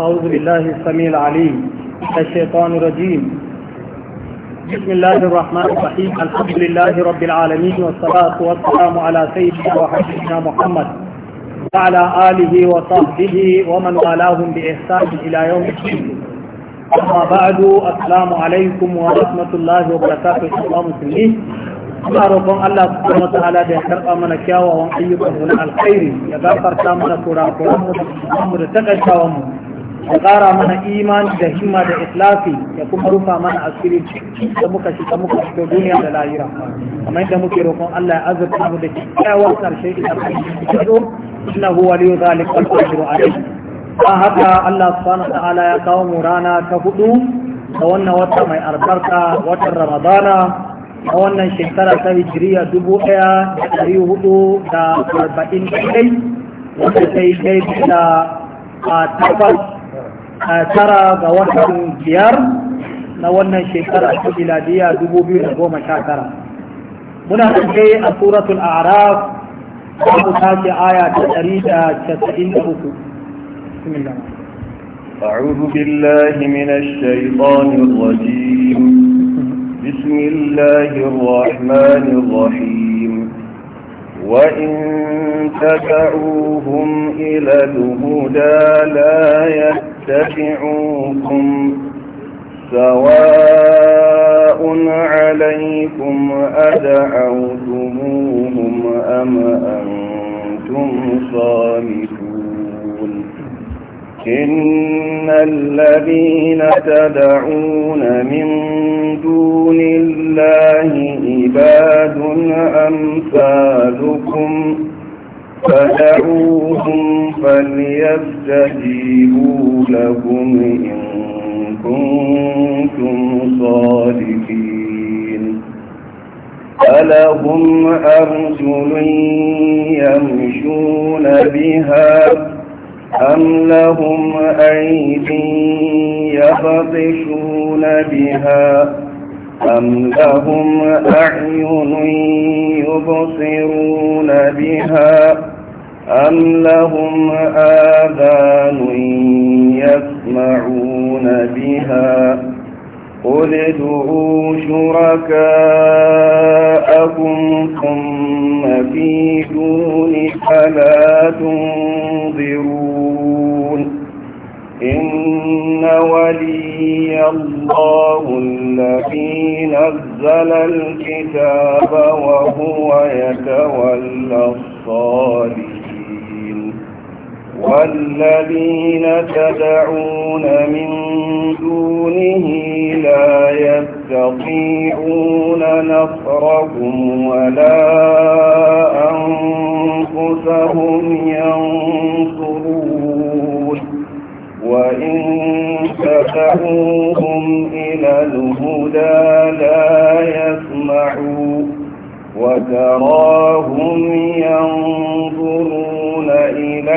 أعوذ بالله السميع العليم الشيطان الرجيم بسم الله الرحمن الرحيم الحمد لله رب العالمين والصلاة والسلام على سيدنا وحبيبنا محمد وعلى آله وصحبه ومن والاهم بإحسان إلى يوم الدين أما بعد السلام عليكم ورحمة الله وبركاته السلام المسلمين ina roƙon Allah subhanahu wataala da ya karɓa mana kyawawan ayyukan mu na alkhairi ya gafarta mana kurakuran mu da mu ya ƙara mana imani da himma da islafi ya kuma rufa mana asiri da muka shiga muka shiga duniya da lahira kamar yadda muke roƙon Allah ya azurta mu da kyakkyawar ƙarshe idan mun fito innahu waliyu zalika al-qadiru alayhi ba haka Allah subhanahu wa ta'ala ya kawo mu rana ta hudu da wannan wata mai albarka watan Ramadana a wannan shekara ta hijiriya dubu ɗaya da ɗari hudu da arba'in da ɗai wanda ta yi da a tabbas a tara ga watan biyar na wannan shekara ta miladiya dubu biyu da goma sha tara muna ɗauke a suratul araf za mu tashi aya ta ɗari da casa'in da uku bismillah أعوذ بالله من الشيطان الرجيم بسم الله الرحمن الرحيم وإن تدعوهم إلى الهدى لا يهتدون يتبعوكم سواء عليكم أدعوتموهم أم أنتم صامتون إن الذين تدعون من دون الله عباد أمثالكم فدعوهم فليستجيبوا لكم إن كنتم صادقين ألهم أرجل يمشون بها أم لهم أيدي يبطشون بها أم لهم أعين يبصرون بها أم لهم آذان يسمعون بها قل ادعوا شركاءكم ثم كيدون فلا تنظرون إن ولي الله الذي نزل الكتاب وهو يتولى الصالحين والذين تدعون من دونه لا يستطيعون نصرهم ولا أنفسهم ينصرون وإن تدعوهم إلى الهدى لا يسمعون وتراهم ينظرون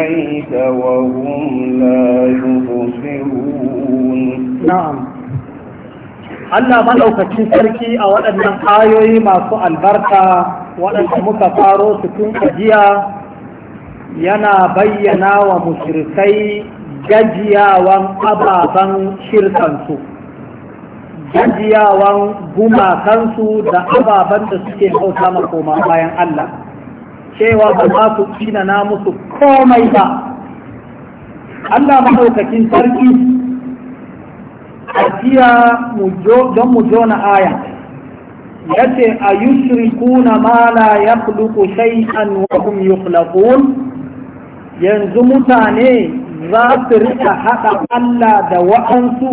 إليك وهم لا يبصرون نعم Allah maɗaukacin sarki a waɗannan ayoyi masu albarka waɗanda muka faro su tun ajiya yana bayyana wa mushrikai gajiyawan ababen shirkansu gajiyawan gumakansu da ababen da suke bauta makoma bayan Allah cewa ba za su tsina na musu komai ba Allah maɗaukakin sarki a don mu na aya ya ce a yi na ma la yakhluqu shay'an wa hum yukhlaqun yanzu mutane za su rika haɗa Allah da wa'ansu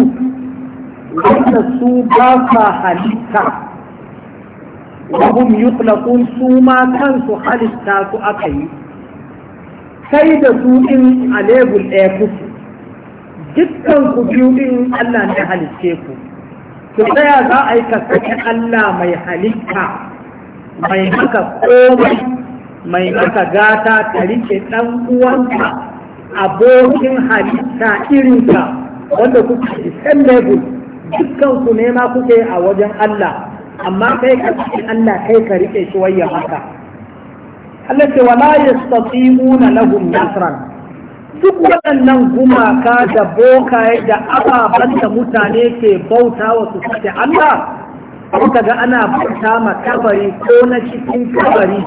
wanda su ba sa halitta wahum yuklakun su ma kansu halitta su aka yi sai da su in a lebur ɗaya kusu jikan ku biyu in Allah ne halitta ku to tsaya za a yi kasance Allah mai halitta mai haka koma mai haka gata ta rike ɗan uwanta abokin halitta irinta wanda kuka isan lebur dukkan ku nema kuke a wajen Allah amma kai ka cikin Allah kai ka rike shi wayya haka Allah ce wala yastati'una lahum nasran duk waɗannan gumaka da bokaye da ababen da mutane ke bauta wa su sace Allah kuka ga ana bauta ma kabari ko na cikin kabari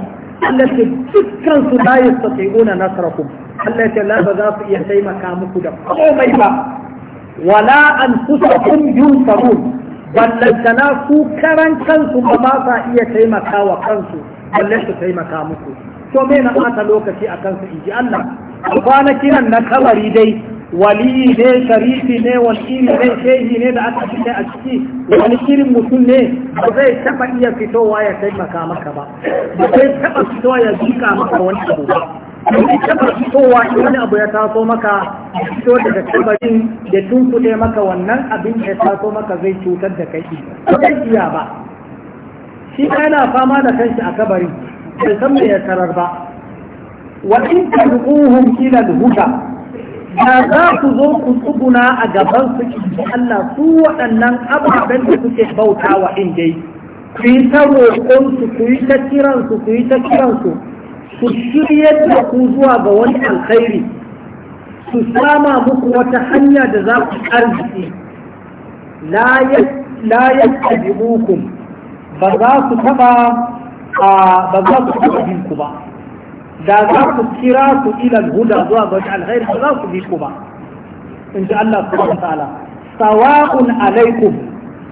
Allah ce dukkan su la yastati'una nasrakum Allah ce la ba za su iya taimaka muku da komai ba wala anfusakum yunsarun ballantana su karan kansu ba ma sa iya taimaka wa kansu balle su taimaka muku to me na bata lokaci a kansu inji Allah kwanaki nan na kamari dai waliyi ne sharifi ne wani ne shehi ne da aka fi a ciki wani irin mutum ne ba zai taɓa iya fitowa ya taimaka maka ba ba zai taɓa fitowa ya jika maka wani abu ba domin taɓa fitowa in wani abu ya taso maka fito daga tabarin da tunkuɗe maka wannan abin ya taso maka zai cutar da kai ba zai iya ba shi yana fama da kanshi a kabarin bai san me ya karar ba wa in tad'uhum ila al-huda da za ku zo ku tsuguna a gaban su Allah su waɗannan ababen da suke bauta wa in dai ku yi ta roƙon ku yi ta kiransu ku yi ta kiransu su shiryar da ku zuwa ga wani alkhairi su sama muku wata hanya da za ku arziki la yattabi'ukum ba za su taba ba za su taba bin ku ba da za ku kira ku ila huda zuwa ga wani alkhairi ba za ku bi ku ba in ji Allah subhanahu wa ta'ala sawa'un alaikum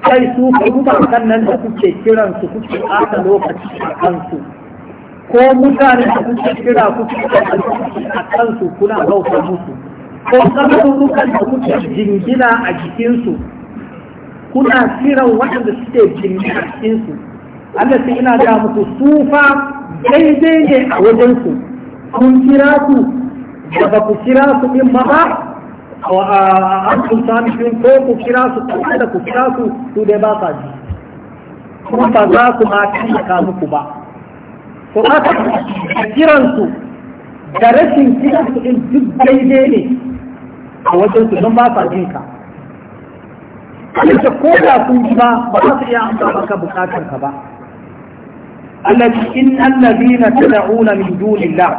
kai su ku ba sannan da kuke kiransu kuke ata lokaci a kansu ko mutane da kuke kira kuke a kansu kuna bauta musu ko kabarurrukan da kuke jingina a jikinsu kuna kiran waɗanda suke jingina a jikinsu Allah sai ina ga muku sufa daidai ne a wajensu kun kira su da ba ku kira su din ba ba a kun sami ko ku kira su ko da ku kira su su dai ba sa ji kuma ba za su ma kan muku ba to haka a kiransu da rashin kiransu din duk daidai ne a wajen su don ba sa jin ka Allah ko da sun ji ba ba za su iya ba maka bukatar ka ba Allah ce in allazina tad'una min dunillah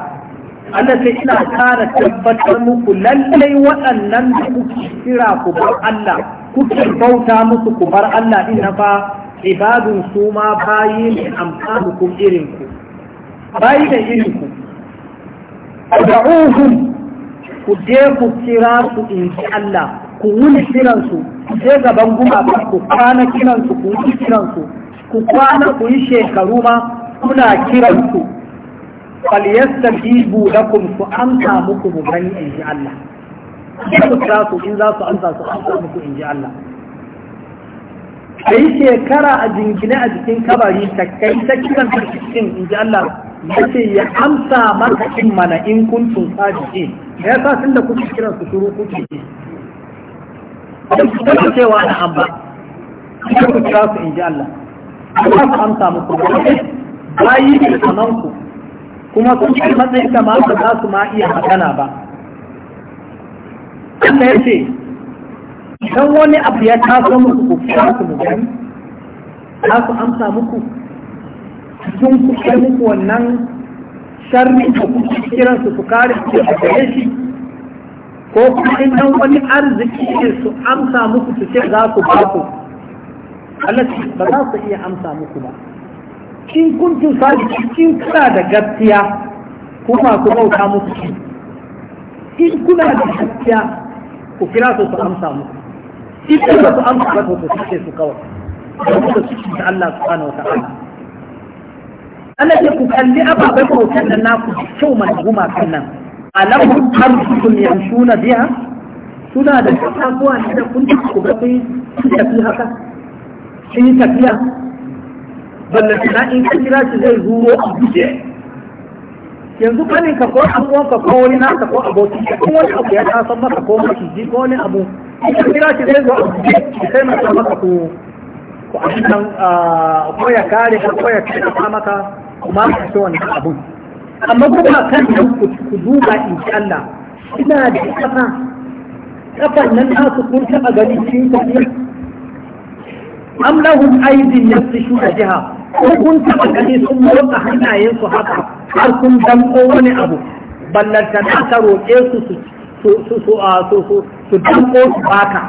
Allah sai ina kara tabbatar muku lallai waɗannan da kuke kira ku bar Allah kuke bauta musu ku bar Allah ina fa ibadun su ma bayi ne amsalukum irin ku bayi da irin ku da'uhum ku je ku kira su in ji Allah ku wuni kiransu ku je gaban gumaka ku kwana kiransu ku wuni kiransu ku kwana ku yi shekaru ma kuna kiransu falyastajibu kun su amsa muku mu in ji Allah ku kira su in za su amsa su amsa muku in ji Allah a yi shekara a jingine a jikin kabari ta kai ta kiran ta cikin in ji Allah ya ce ya amsa maka in mana in kuntun sadiqin da ya sa tun da kuke kiran su turu kuke ji da ku ta cewa na amma ku ku kira su in ji Allah Allah su amsa muku bayi ne kaman ku kuma kun kai matsayin da ma ba za su ma iya magana ba Allah ya ce idan wani abu ya taso muku ku kira ku mu gani za ku amsa muku cikin ku kai muku wannan sharri da ku kiran su su kare ku a gare shi ko kuma idan wani arziki ne su amsa muku su ce za ku ba ku Allah ba za su iya amsa muku ba in kuntum sadiki kin kuna da gaskiya kuma ku bauta musu Kin kuna da gaskiya ku kira su su amsa muku idan ba su an ba su suke su kawai da su suke da Allah subhanahu wa ta'ala Ana ya ku kalli ababai ko kan nan naku kyau mai guma kan nan alam hamsun yamshuna biha suna da kasuwa ne da kun ku ga sun tafi haka sai tafiya ballantana in ka kira shi zai zuro a guje yanzu kanin ka ko abuwan ka ko wani nasa ko aboki ko wani abu ya tasan maka ko maciji ko wani abu ita kira shi zai zo a kai masa maka ku ku abin ko ya kare ka ko ya kare maka kuma ka ce wannan abun amma kuma kan nan ku duba insha Allah ina da kafa kafan nan ta su kun taba gani cikin tafiya am lahum aydin yafshu jiha ko kun taba gani sun motsa hannayen su haka har kun damko wani abu ballanta ta roƙe su su su su su su su baka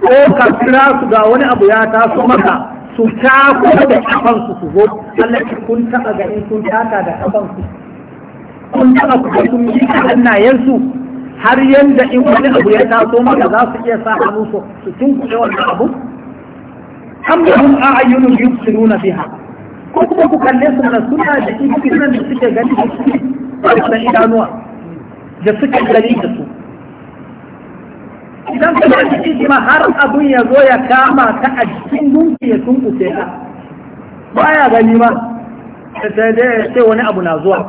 ko ka kira su ga wani abu ya taso maka su tako da kafansu su zo Allah kun taba ganin kun taka da kafansu kun taba ku ga yi hannayensu har yanda in wani abu ya taso maka za su iya sa hannu su su tunkuɗe wannan abu am lahum su nuna biya. ko kuma ku kalle su na suna da ikinan da suke gani da idanuwa da suke gani da su idan ka ba shi ma har abin ya zo ya kama ka a cikin dunki ya tunkuce ka baya gani ma sai wani abu na zuwa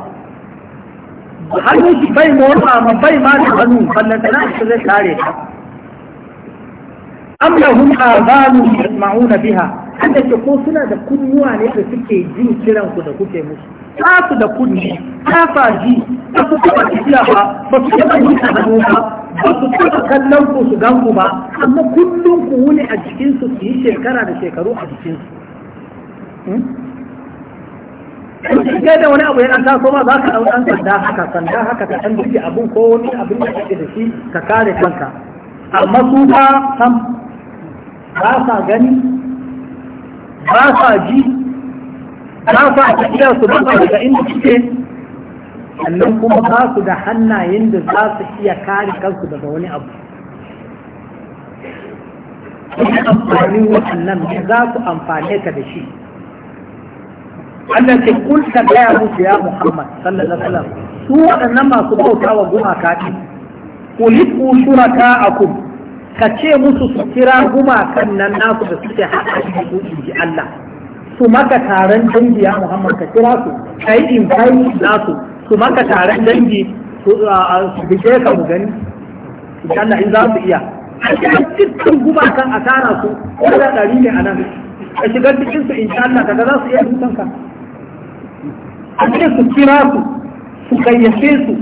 hannun shi bai motsa ma bai ma da hannu sannan na shi zai tare ka am lahum azanu yasma'una biha Allah ke ko suna da kunnuwa ne da suke jin kiran ku da kuke musu ta su da kunni ta fa ji ba su taba tafiya ba ba su yi hannu ba ba su taba kallon ku su gan ku ba amma kullum ku wuni a cikin su su yi shekara da shekaru a cikin su kai hmm? da wani abu yana taso ma za ka ɗau ɗan sanda haka sanda haka ka ɗan duki abin ko wani abin da kake da shi ka kare kanka amma su ba sam ba sa gani ba sa ji ba sa tafiya su ba daga inda suke sannan kuma ba su da hannayen da za su iya kare kansu daga wani abu Wani amfanin waɗannan ne za su amfane ka da shi. Allah ce kun ta gaya musu ya Muhammad sallallahu alaihi wasallam su waɗannan masu bauta wa gumaka ne. Kuliku shuraka akum ka ce musu su kira gumakan nan nasu da suke haɗa su in ji Allah su maka taron dangi ya Muhammad ka kira su kai in kai nasu su Su maka taron dangi su bije ka mu gani in Allah in za su iya a ce cikin cikin gumakan a tara su wanda ɗari ne a nan ka shiga cikin su in ji Allah kaga za su iya ka. a ce su kira su su gayyace su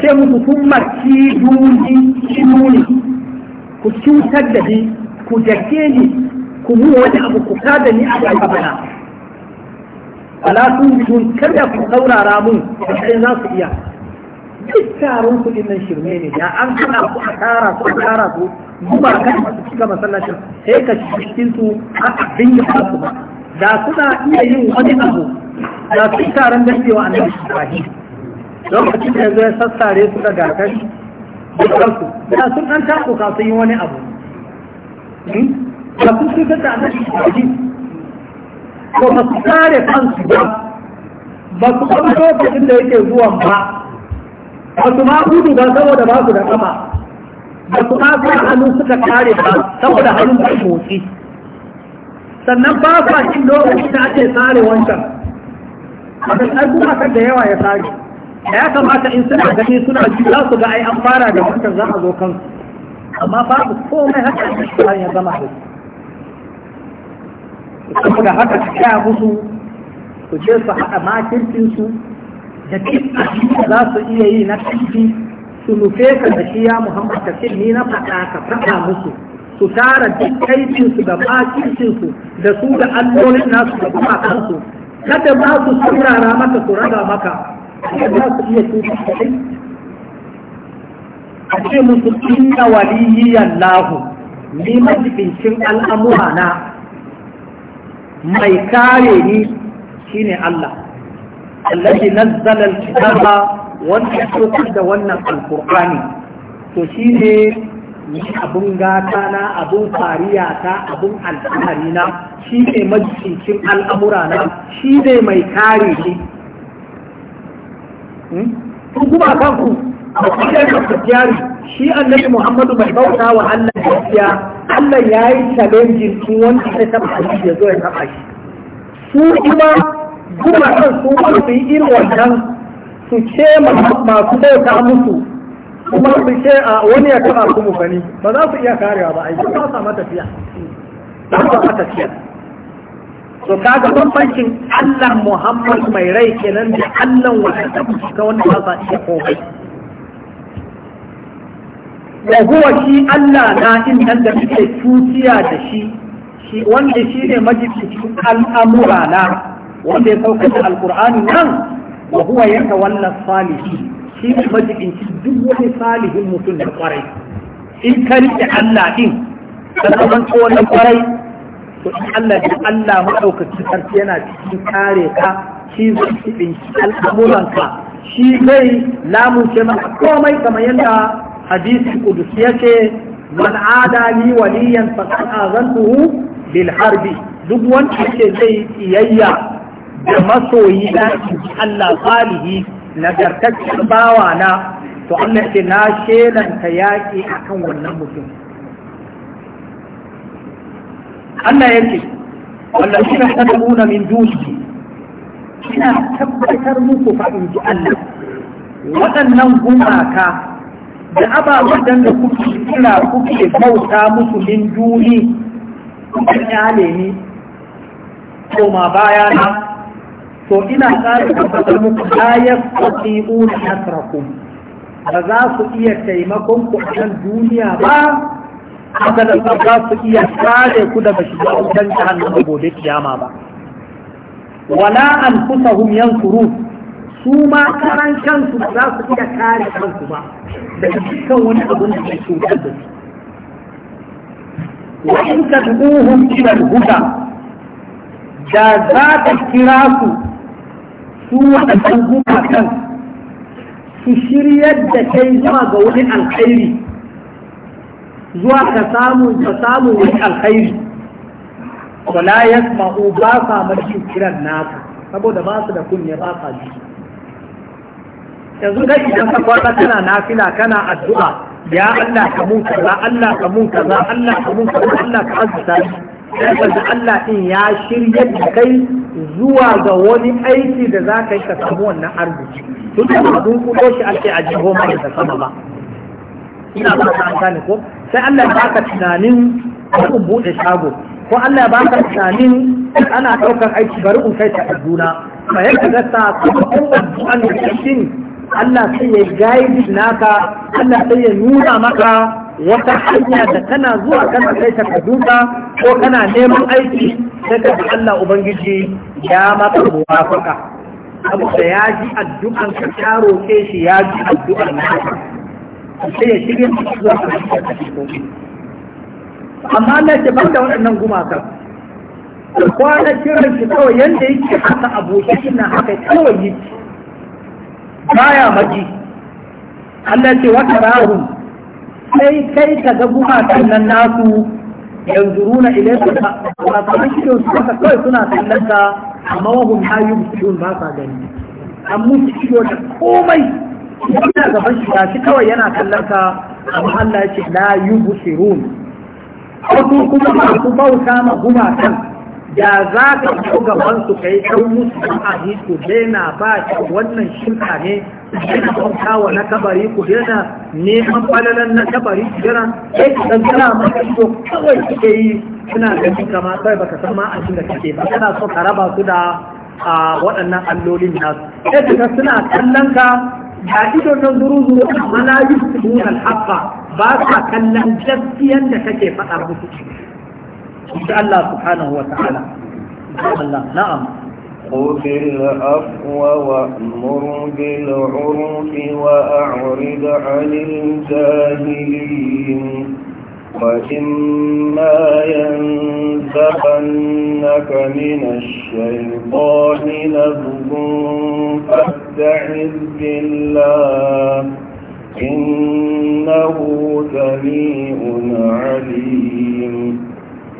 Sai musu kun marci duni duni ku cutar da ni ku jake ni ku mu wani abu ku kada ni a gabana ala sun bidun kada ku saurara mun sai za su iya duk taron kuɗin nan shirme ne da an kana ku a tara su a tara su zubar kan su cika masallacin sai ka cikin su a abin da su ba da suna iya yin wani abu da su taron gaskiya annabi Ibrahim mutum da zai sassare su da gasar dukansu da sun an taku ka sun yi wani abu hmm? da kun sun ta da shi ko ba su kare kansu ba ba su kuma lokacin da yake zuwan ba ba su ma hudu ba saboda ba su da kama. ba su ma zuwa hannun suka kare ba saboda hannun ba motsi sannan ba sa cikin lokacin da ake tsare wancan a kan da yawa ya tsare ya kamata in suna gani suna ji za su ga ai an fara da wata za a zo kansu amma ba su komai haka a cikin ya zama da su Da haka su kya musu su je su haɗa makirkinsu da cikin za su iya yi na kifi su nufe ka da shi ya muhammad ka ce ni na faɗa ka faɗa musu su tara duk kaifinsu da makirkinsu da su da allolin nasu da kuma kansu kada ba su saurara maka su raga maka za su iya cutar da a ce musu inna waliyyan lahu ni majibincin al'amura na mai kare ni shine Allah allazi nazzala al-kitaba wanda ya saukar da wannan alqur'ani to shine ni abun gata na abun fariya ta abun alfahari na shi ne majibincin al'amura na shi ne mai kare ni Hmm? ku kuma kan ku akwai da kafiyari shi annabi Muhammadu bai bauta wa Allah gaskiya Allah ya yi challenge su wanda ya taba shi ya zo ya taba shi su kuma kuma kan su ba su yi irin wannan su ce masu bauta musu kuma su ce a wani ya taba ku mu gani ba za su iya karewa ba ai ba sa matafiya ba sa matafiya to kaga bambancin Allah Muhammad mai rai kenan da Allah wanda ta shiga wanda ba za iya komai wa huwa shi Allah na in nan da kike tutiya da shi shi wanda shi ne majibcin al'amura na wanda ya sauka da alqur'ani nan wa huwa yatawalla salihin shi ne majibcin duk wani salihin mutum da kwarai in ka rike Allah din ka zaman tsohon kwarai to in Allah ya Allah madaukaki yana cikin kare ka shi zai cikin al'amuranka shi zai lamunce maka komai kamar yadda hadisi kudusi yake man adali waliyan faqad azantuhu bil harbi duk wanda yake zai iyayya da masoyi na Allah salihi nagartaccen bawa na to Allah yake na shelanta yaki akan wannan mutum Allah ya ce wallazina tad'una min dunihi ina tabbatar muku fa Allah waɗannan gumaka da ababen da kuke kira kuke bauta musu min duni kuke kyale ni koma baya na to ina ƙara tabbatar muku la yastati'una na ba za su iya taimakon ku a duniya ba haka da ba za su iya kare ku daga shiga wutan jahannama gobe kiyama ba wala an anfusahum yansuru su ma karan kansu ba za su iya kare kansu ba daga dukkan wani abun da ke cutar da su wa in tad'uhum ila huda da za ta kira su su waɗannan gumakan su shiryar da kai zuwa ga wani alkhairi zuwa ka samu ka samu wani alkhairi wala yasma'u ba sa mashi kiran naka saboda ba su da kunne ba sa ji yanzu dai idan ka kwata kana nafila kana addu'a ya Allah ka mun kaza Allah ka mun kaza Allah ka mun kaza Allah ka azza saboda Allah din ya shirye da kai zuwa ga wani aiki da za ka yi ka samu wannan arziki tun da ba kudo shi ake ajiho mai da sama ba ina ba gane ko sai Allah ya baka tunanin bari in bude shago ko Allah ya baka tunanin ana daukar aiki bari in kai ta Kaduna fa yadda da sa ko an cikin Allah sai ya guide naka Allah sai ya nuna maka wata hanya da kana zuwa kana kai ta Kaduna ko kana neman aiki sai ka Allah ubangiji ya maka muwafaka saboda ya ji addu'an ka ya shi ya ji addu'an naka sai cikin amma Allah ce ban da waɗannan gumakan kwana kiran shi kawai yadda yake haka abokin na haka kawai yi baya maji Allah ce wata rahu sai kai ka ga gumakan nan nasu yanzu runa ilaisu ba kamar shi su kawai suna kallon ka amma wahun hayu ba sa gani an shi ido da komai ina gaban shi gashi kawai yana kallon ka amma Allah ya ce la yubsirun wasu kuma masu bauta ma kan. da za ka ko gaban su kai dan musu ahadi ku daina ba shi wannan shirka ne yana bauta wa na kabari ku daina neman falalan na kabari ku daina sai ku dan kana maka kawai kike yi suna ganin kama kai baka san ma abin da kake ba kana so ka raba su da a waɗannan allolin nasu sai ka suna kallon ka ga ido ولا zuru الحق la كلا al لكي ba إن شاء الله سبحانه وتعالى الله نعم خذ العفو وأمر بالعرف وأعرض عن الجاهلين وإما ينزغنك من الشيطان نزغ فاتبع فاستعذ بالله إنه سميع عليم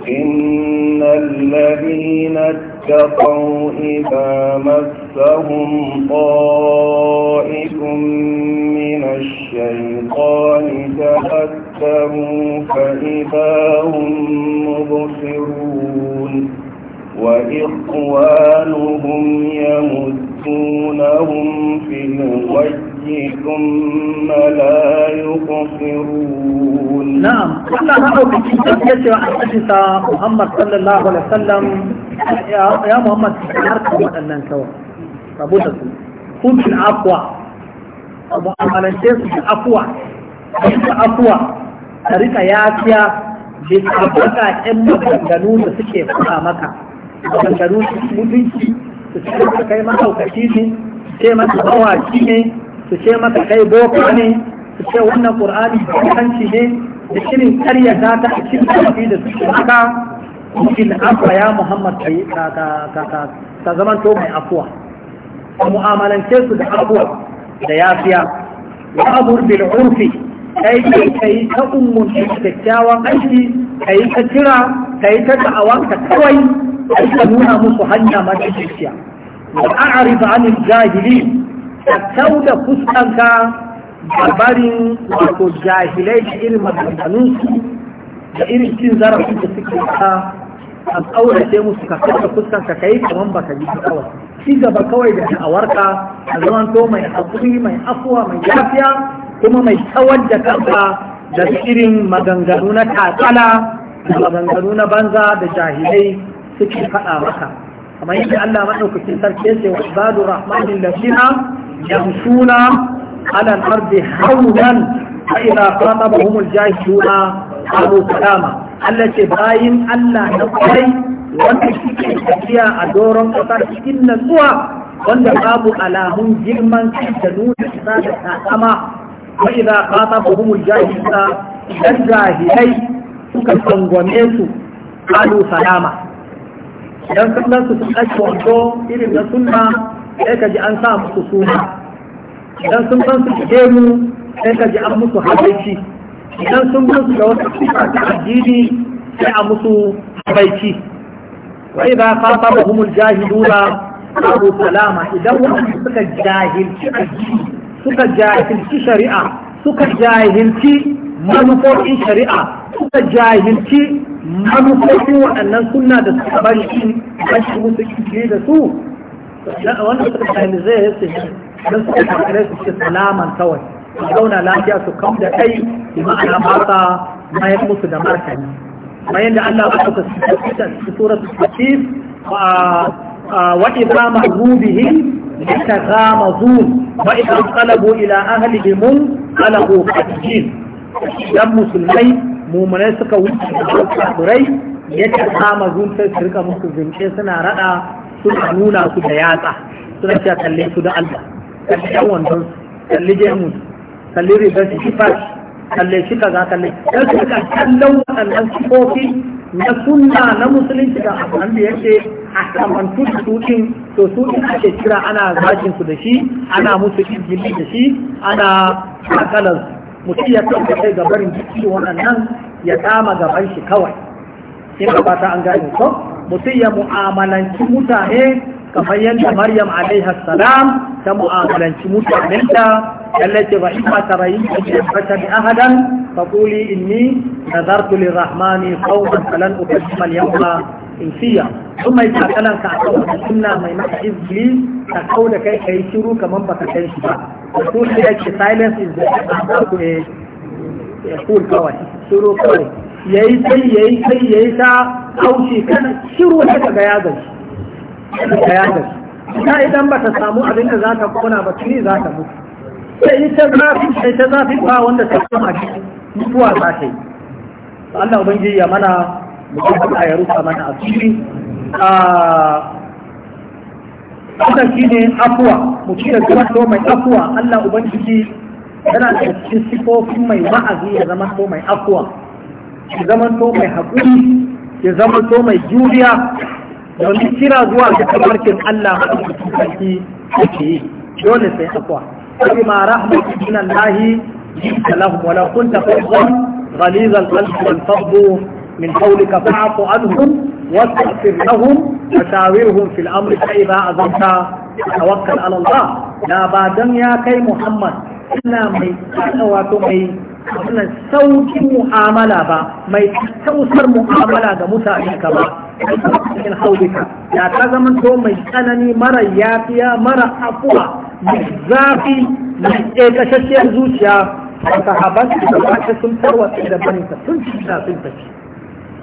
إن الذين اتقوا إذا مسهم طائف من الشيطان تأثموا فإذا هم مبصرون وإخوانهم يمد يمسونهم في الغي ثم لا يقصرون نعم الله ما يتوى عن محمد صلى الله عليه وسلم يا محمد حركة وأنن ننسوا ربوتكم كن في العفو ومعاملتين في العفو في العفو طريقة ياسيا bisa baka ƴan maganganu da suke faɗa maka maganganu su ce maka kai mahaukaci ne su ce maka mawaki ne su ce maka kai boka ne su ce wannan qur'ani kanci ne da shirin karya ta ta a cikin kafi da su maka afa ya muhammad kai ka ka zaman to mai afuwa ka mu'amalance su da afuwa da yafiya wa abur bil urfi kai kai ta ummun kyakkyawan aiki kai ta kira kai ta da'awa ka kawai hanya نونا مصحنة ما تشيشيا وأعرض عن jahili تتولى فسقنك barbarin wato jahilai da irin maganganunsu da irin cin zarafi da suke ta a tsaurace musu ka fuska fuskan ka yi kaman baka ji ka kawai ci gaba kawai da da'awarka a zaman to mai hakuri mai afuwa mai lafiya kuma mai tsawar da kanka da irin maganganu na tatsala da maganganu na banza da jahilai suke faɗa maka amma yadda Allah madaukakin sarki yace wa ibadu rahmanin ladina yamshuna ala al-ardi hawlan fa idza qatabahum al-jahiluna qalu salama Allah ce bayin Allah na kai wanda suke tafiya a doron kasar cikin natsuwa wanda babu alamun girman kai da nuna isa da takama wa idza qatabahum al-jahiluna idan jahilai suka tsangwame su qalu salama Idan sallar su sun ɗaci wanko irin na sunna sai ka ji an sa musu suna idan sun san su gemu sai ka ji an musu habaici idan sun san su da wasu sifa ta addini sai a musu habaici wa idza khataba humul jahiluna abu salama idan wanda suka jahilci suka jahilci shari'a suka jahilci manufofin shari'a suka jahilci manufofin waɗannan suna da suka bari shi bashi musu kike da su wannan suka fahimci zai yi su don suka kakare su ce salaman kawai su zauna lafiya su kam da kai su ma'ana ba sa mayar musu da martani bayan da Allah ba suka su sura su fatif wa idza ma'rubihim yatagamazun wa idza qalabu ila ahlihim qalabu fatin dan musulmai mumunai suka wuce da kafirai ya ta kama zunta su rika musu zunce suna rada suna nuna su da yatsa suna cewa kalle su da Allah kalle yan wandon kalle jemu kalle rigar shi fash kalle shi kaza kalle dan su rika kallon waɗannan kofi na sunna na musulunci da abuwan da yake a samantu da sukin to sukin ake kira ana zakin su da shi ana musu injili da shi ana akalar mutum ya kanta kai gabarin jiki wannan ya kama gaban shi kawai sai ka fata an gane ko mutum ya mu'amalanci mutane kamar yadda maryam alaiha salam ta mu'amalanci mutane ta yallace ba ima tarayi a jirfata bi ahadan kuli inni nazartu lirrahmani sauran falan ukasimal In siya. sun mai takalan ka akan wata sunna mai maka izgili ka kau da kai kai shiru kamar baka kai shi ba rasul ya ce silence is the answer to a kawai shiru kawai ya yi sai ya yi sai ya yi ta haushe kana shiru ta ga ya ga daga ya ta idan ba ta samu abin da za ta kona ba tuni za ta mutu sai ita zafi sai ta zafi ba wanda ta kama mutuwa za ta yi Allah ubangiji ya mana mutum ya rufa mana asiri a wannan shi ne afuwa mutum da zama mai afuwa Allah Ubangiji yana da cikin sifofin mai ma'azi ya zama mai afuwa ki zama mai haƙuri ki zamanto mai juriya domin kira zuwa ga tabarkin Allah mai tukarki da yi dole sai akwa sai ma rahmatu min Allah yi lahum wa la kun ta fadhlan al qalbi wal min hawlika fa'fu anhum wa tasir lahum wa tawirhum fil amri fa idha azanta dan ya kai Muhammad ina mai wato mai wannan saukin mu'amala ba mai tausar mu'amala ga mutane ka ba cikin haulika ya ta zama to mai tsanani mara yafiya mara afuwa mai zafi mai ƙekashashiyar zuciya da sahaban da ba sun tarwatsa da barinta sun ci da sun tafi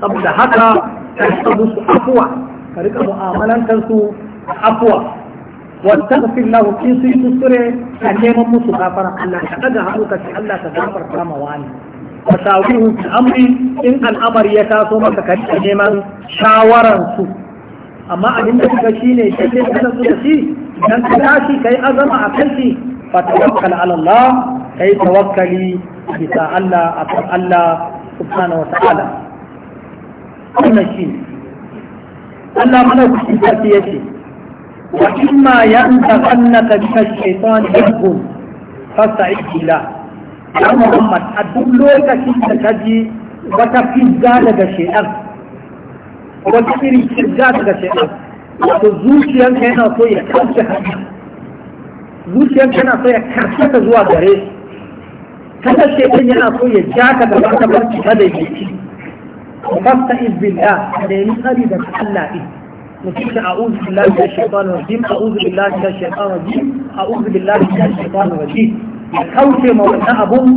saboda haka ka rika musu afuwa ka rika mu'amalantar su afuwa واستغفر له كي سي تسري كلمة مسافرة الله كذا هلوك الله تغفر كما واني وشاوره في الأمر إن الأمر يتاسو ما تكلم شاورا سو أما أبن لك شيء شيء أنا سوتي dan ka tashi kai azama a kanki fa tawakkal ala Allah kai tawakkali bisa Allah akan Allah subhanahu wa ta'ala wannan shi Allah mana yake وإما ينتغنك بك الشيطان يكون فاستعذ بالله يا محمد أدلوك كنت تجي وتفزع لك شيئا وتفزع شجاع لك شيئا وتزوجيا كان صويا كرشة زوجيا كان صويا كرشة زوا غريب كذا الشيطان يا صويا جاك بك كذا يجي فاستعذ بالله عليه قريبا الله إيه mutum da a'udhu billahi minash shaitanir rajim a'udhu billahi minash shaitanir rajim a'udhu billahi ya kauce ma wannan abun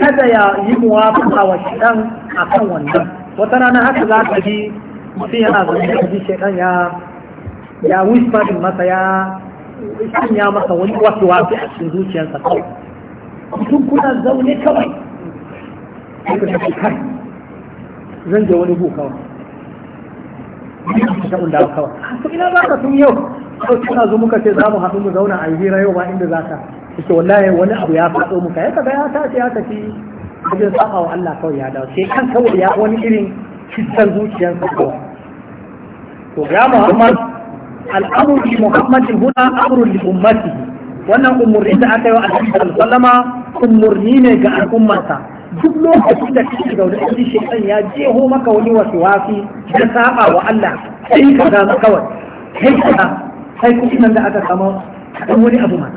kada ya yi muwafaqa wa shaitan kan wannan wata rana haka za ka ji mutum yana zaune da ji shaitan ya ya whisper masa ya ya masa wani wasu wasu a cikin zuciyarsa kawai mutum kuna zaune kawai sai kai zan je wani gu kawai shaɗin da kawai to ina za ka tun yau to kina zo muka ce za mu haɗu mu zauna a yi hira yau ba inda za ka ce wallahi wani abu ya faɗo muka ya kaga ya tashi ya tafi wajen saba wa Allah kawai ya dawo sai kan kawai ya wani irin cikin zuciyarsa kawai to ya Muhammad al'amru li Muhammadin huna amrun li ummatihi wannan umurni da aka yi wa Annabi sallallahu alaihi wasallama umurni ne ga al'ummarsa duk lokacin da kake da wani shaitan ya jeho maka wani wasu wafi da saba wa Allah sai ka ga kawai sai ka sai ku nan da aka samu dan wani abu ma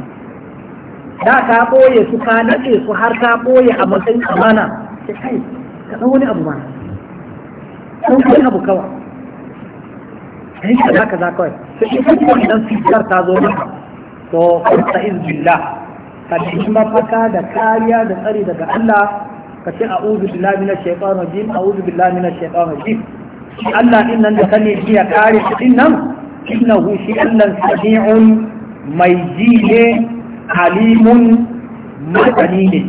da ka boye su ka nace su har ka boye a matsayin amana sai ka dan wani abu ma dan wani abu kawai sai ka ga kaza kawai sai ka ji wannan fitar ta zo maka to fa'iz billah ka ji mafaka da kariya da tsari daga Allah ka ce a'udhu billahi minash shaitanir rajim a'udhu billahi minash shaitanir rajim shi Allah din nan da kane shi ya kare shi din nan innahu shi Allah sami'un mai ji ne alimun masani ne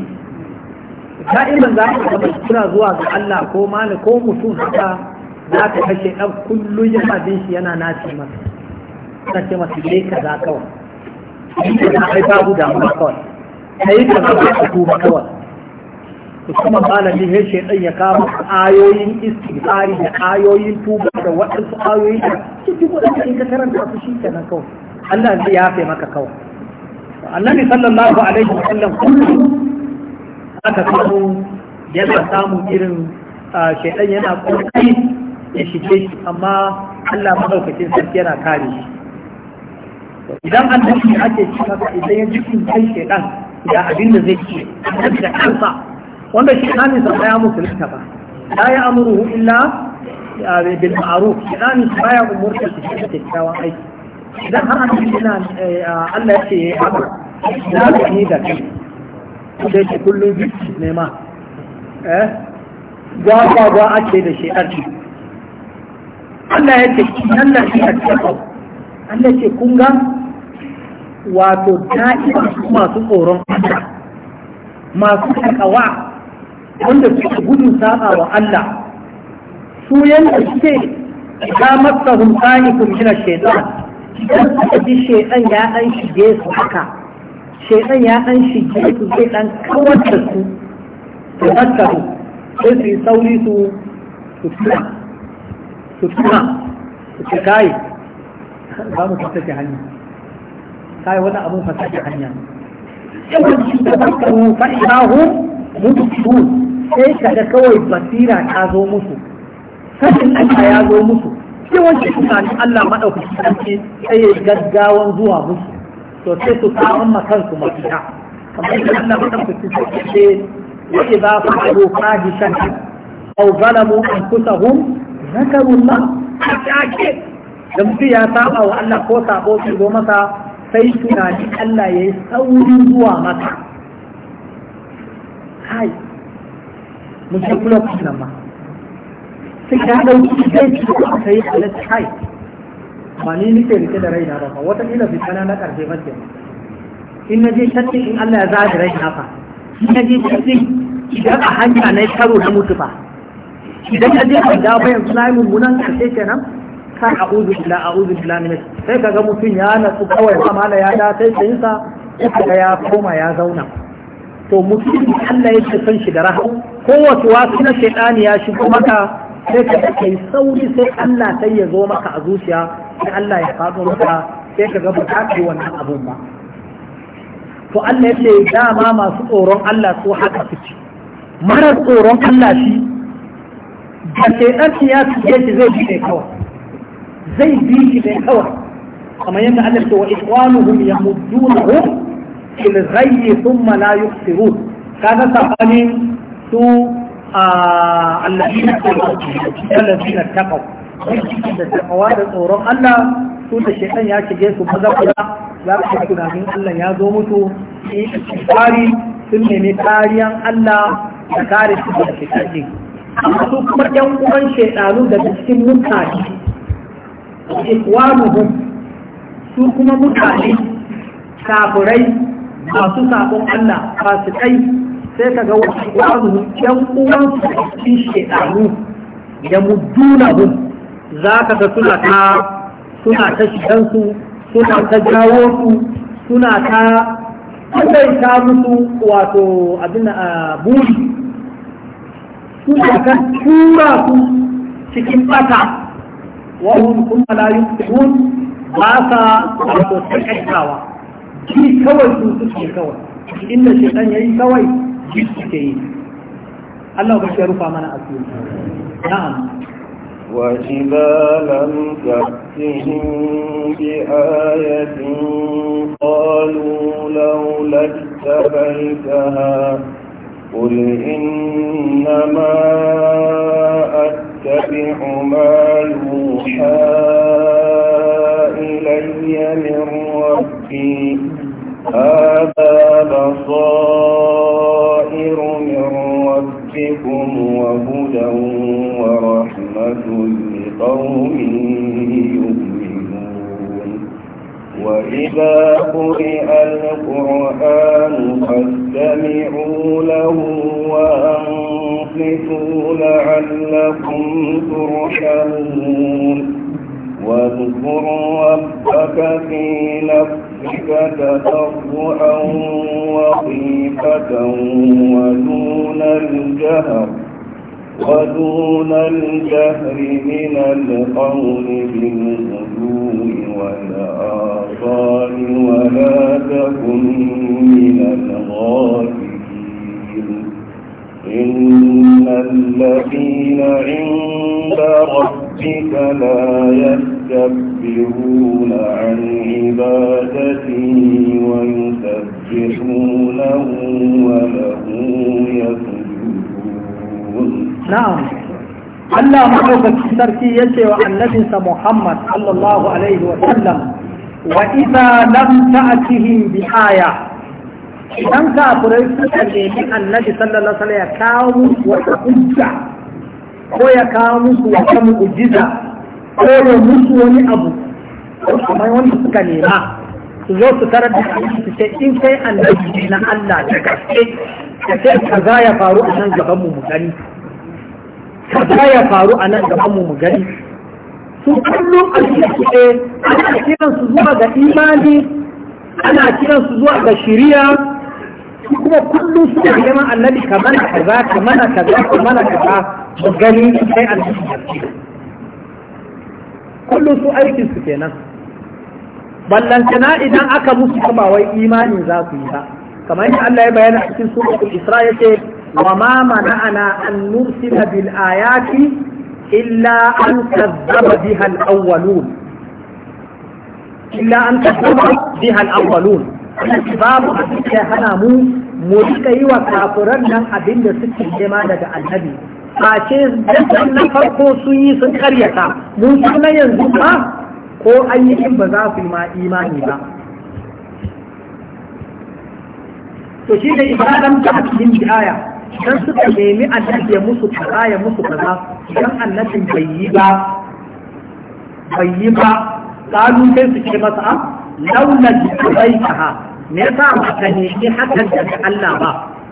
da'iman za ka ga kira zuwa ga Allah ko mali ko mutum haka za ka kashe ɗan kullum yana bin shi yana nace masa yana ce masa dai ka za kawai ka za a yi babu damuwa kawai ka yi ka za ka kawai musamman malami ya shaidan ya kama ayoyin istighfari da ayoyin tuba da waɗansu ayoyin da cikin waɗanda in ka karanta su shi kenan kawai Allah zai yafe maka kawai annabi sallallahu alaihi wa sallam kullum aka samu yana samun irin shaidan yana kokari ya shige shi amma Allah madaukakin sarki yana kare shi idan annabi ake cika idan ya jikin kai shaidan ya abin da zai ce annabi da kansa wanda shi ɗanin sa ya musulunta ba la ya amuru illa bil ma'ruf ɗanin sa ya umurta shi da kyakkyawan aiki idan har an yi ina eh, Allah ya ce ya yi abu na ga ni da kai sai yake kullum bisu ne ma eh gwagwagwa ake da shi arki Allah ya ce Allah shi a cikin Allah ce kun ga wato da'ima masu tsoron Allah masu takawa wanda suke gudun sa'a wa Allah su yanda suke ta masa hunkani kun gina shaitan idan suka ji shaitan ya an shige su haka shaitan ya an shige su zai dan kawar da su su tattaru sai su yi sauri su su su tuna su ce kai za mu tattake hanya kai wani abun fasake hanya yawan shi da tattaru fa'ina hu mubsirun sai kaga kawai basira ta zo musu sanin aka ya zo musu sai wancan tunanin Allah ɗan ce sai ya gaggawan zuwa musu to sai su samun makansu ta, kamar yadda Allah madaukaki sarki sai wa idza fa'alu fahishatan aw zalamu anfusahum zakaru a ake da mutum ya saba wa Allah ko sabo su zo masa sai tunanin Allah ya yi saurin zuwa masa kai mun ce kula ku nan ma sai ka dauki sai ki aka yi halatta kai ba ni nake rike da raina ba wata kila bi kana na karfe mace in na je shakki in Allah ya zaga raina fa in na je shakki idan a hanya na karo na mutu fa idan ka je a da bayan sunayi mummunan karshe kenan kan a'udhu billahi a'udhu billahi min sai kaga mutun ya su kawai amana ya da sai sai sa ya koma ya zauna to mutum Allah yake son shi da rahama kowace wasu na shaidani ya shigo maka sai ka kai sauri sai Allah sai ya zo maka a zuciya sai Allah ya faɗo maka sai ka ga ba kai wannan abun ba to Allah ya ce dama masu tsoron Allah su haka fice mara tsoron Allah shi da shaidan ya fice shi zai bi ne kawai zai bi shi ne kawai kamar yadda Allah ya ce wa ikwanuhum yamuddunahum fil ghayyi thumma la yuqsirun kaga sabanin su alladina alladina taqaw da taqwa da tsoron Allah su da shaytan ya shige su maza kula. za su tunanin Allah ya zo mutu tsari sun nemi kariyan Allah da kare su da shaytan amma su kuma ɗan uwan shaydanu daga cikin mutane ikwanuhum su kuma mutane kafirai masu sabon Allah kai sai ka wasu yan uwan su cikin shekaru ya muduna hun za ka ga suna ta suna ta shigansu suna ta jawo su suna ta kusai ta musu wato abin a buri suna ta tura su cikin bata wahun kuma la yusbihun ba sa wato takaitawa shi kawai su suke kawai inda shaitan ya yi kawai shi suke yi Allah ba shi rufa mana asiri na'am وإذا لم تأتهم بآية قالوا لولا اتبعتها قل إنما أتبع ما يوحى إلي من ربي هذا بصائر من ربكم وهدى ورحمة لقوم يؤمنون وإذا قرئ القرآن فاستمعوا له وأنصتوا لعلكم ترحمون واذكروا ربك في نفسك ربك تضرعا وخيفة ودون الجهر ودون الجهر من القول بالغدو والآصال ولا تكن من الغافلين إن الذين عند ربك لا يستكبرون عن عبادته ويسبحونه وله يسجدون نعم Allah maɗaukaki sarki ya ce wa annabinsa Muhammad sallallahu Alaihi wasallam wa iza lam ta'atihim bi aya Dan kafirai suka nemi annabi sallallahu alaihi wasallam ya kawo musu wata hujja ko ya kawo musu wata mu'jiza ko ya musu wani abu kamar wanda suka nema su zo su tarar da su ce in kai annabi na Allah da gaske Ya ce kaza ya faru a nan gaban mu mu gani kaza ya faru a nan gaban mu mu gani su kullum a cikin su ana kiran su zuwa ga imani ana kiran su zuwa ga shiriya kuma kullum suna neman annabi ka mana kaza ka mana kaza ka mana kaza gani sai annabi ya kullum su aikin su kenan ballantana idan aka musu kuma wai imanin za su yi ba kamar yadda Allah ya bayyana a cikin suratul Isra yace wa ma mana'ana an nursila bil ayati illa an kazzaba biha al-awwalun illa an tabbata biha al-awwalun babu abin da hana mu mu rika yi wa kafiran nan abin da suke nema daga annabi face dan na farko sun yi sun karyata mun kuma yanzu ba ko ayyukan ba za su yi ma imani ba to shi da ibadan ta cikin aya dan suka nemi annabi ya musu kaza ya annabin bai yi ba kalu sai su ce masa a laula jibaitaha me yasa ba ka nemi hakan daga Allah ba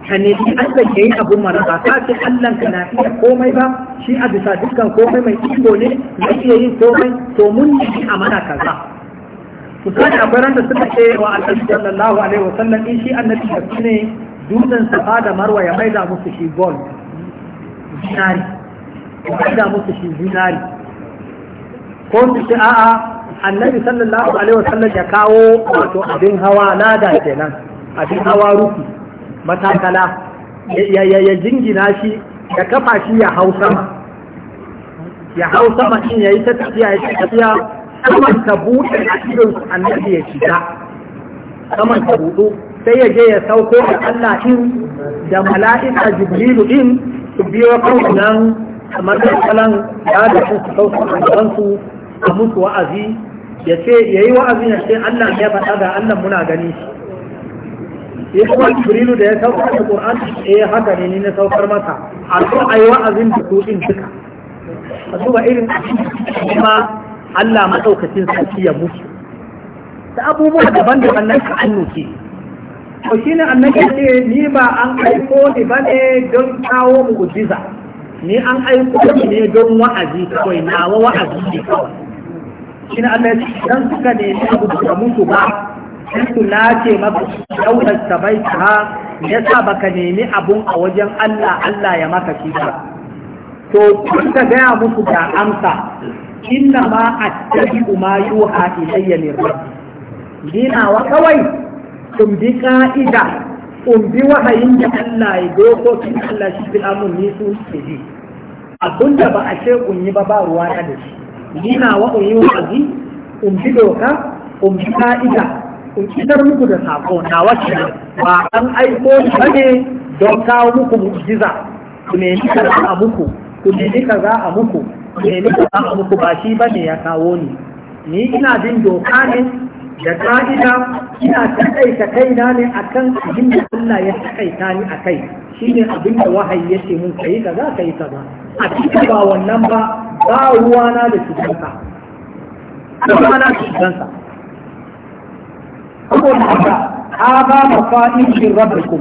ka nemi Allah ya yi abu mara ba ka ce Allah ka na iya komai ba shi a bisa dukkan komai mai iko ne na iya yin komai to mun nemi a mana kaza misali akwai ran da suka ce wa Allah sallallahu alaihi wa sallam in shi annabi da ne dutsen safa da marwa ya maida musu shi gold zinari ya maida musu shi zinari ko su ce a'a annabi sallallahu alaihi wasallam ya kawo wato abin hawa lada kenan abin hawa rufi matakala ya jingina shi ya kafa shi ya hau sama ya hau sama in yayi ta tafiya ya tafiya saman ta buɗe a cikin annabi ya shiga saman ta buɗo sai ya je ya sauko da Allah in da mala'ika jibril din su biyo kan nan kamar da kalan ya da su sauko a gaban su a mutu wa'azi ya ce ya yi wa'azi ya ce Allah ya faɗa ga Allah muna gani shi ya kuma jibrilu da ya saukar da Qur'an eh haka ne ni na saukar masa a zo a yi wa'azin da su din duka a duba irin kuma Allah matsaukacin sarki ya mutu da abubuwa daban-daban nan ka annuke to shine annabi ce ni ba an aiko ni ne don kawo mu'jiza ni an aiko ni ne don wa'azi kawai nawa wa'azi ne kawai shi na Allah ya idan suka nemi abu da mutu ba sai su nace maka dauka ta bai ta yasa baka nemi abun a wajen Allah Allah ya maka shi To to ga gaya musu da amsa inna ma attabi'u ma yuha ilayya min rabbi wa kawai kun bi ka'ida kun bi wahayin da Allah ya dokokin Allah shi bil amun ni su ke ji abunda ba a ce kun yi ba ba ruwa da shi nina wa uyi wa'azi in bi doka in bi ka'ida in isar muku da sako na wacce ba an aiko ni bane don kawo muku mu'jiza ku nemi kaza a muku ku nemi kaza a muku ku ni kaza a muku ba shi bane ya kawo ni ni ina bin doka ne da ka'ida ina kai kaina ne akan abin da Allah ya ta ni akai shine abin da wahayi yake mun kai kaza kai kaza a cikin ba wannan ba ba ruwana da cutansa ruwana da saboda haka ta ba ma fa'in rabbikum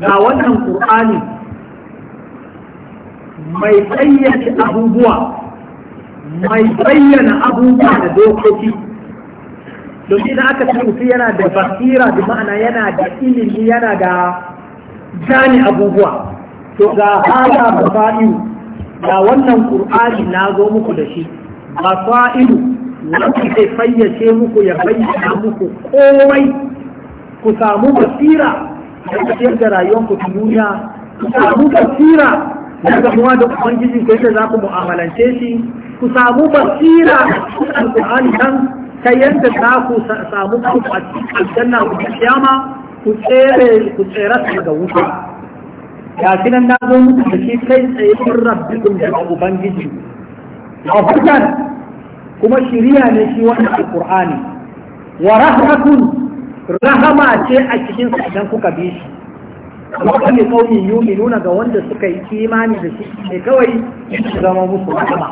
ga wannan ƙur'ani mai tsayyace abubuwa mai bayyana abubuwa da dokoki domin idan aka ce mutum yana da basira da ma'ana yana da ilimi yana da jani abubuwa to ga ba mafa'iyu da wannan ƙur'ani na zo muku da shi ba fa'ilu wanda zai fayyace muku ya bayyana muku komai ku samu basira da tafiyar da ku ta duniya ku samu basira da zama da ubangiji ko yadda za ku mu'amalance shi ku samu basira a ƙur'ani nan ta yadda za ku samu kuma a cikin aljanna ku kiyama ku tsere su ga daga wuta ga shi nan na zo muku da shi kai tsaye kun kun da ubangiji a hudan kuma shiriya ne shi wannan alqur'ani wa rahmatun rahama ce a cikin sa kuka bi shi kuma kulli qaumin yu'minuna ga wanda suka yi imani da shi ne kawai su zama musu rahama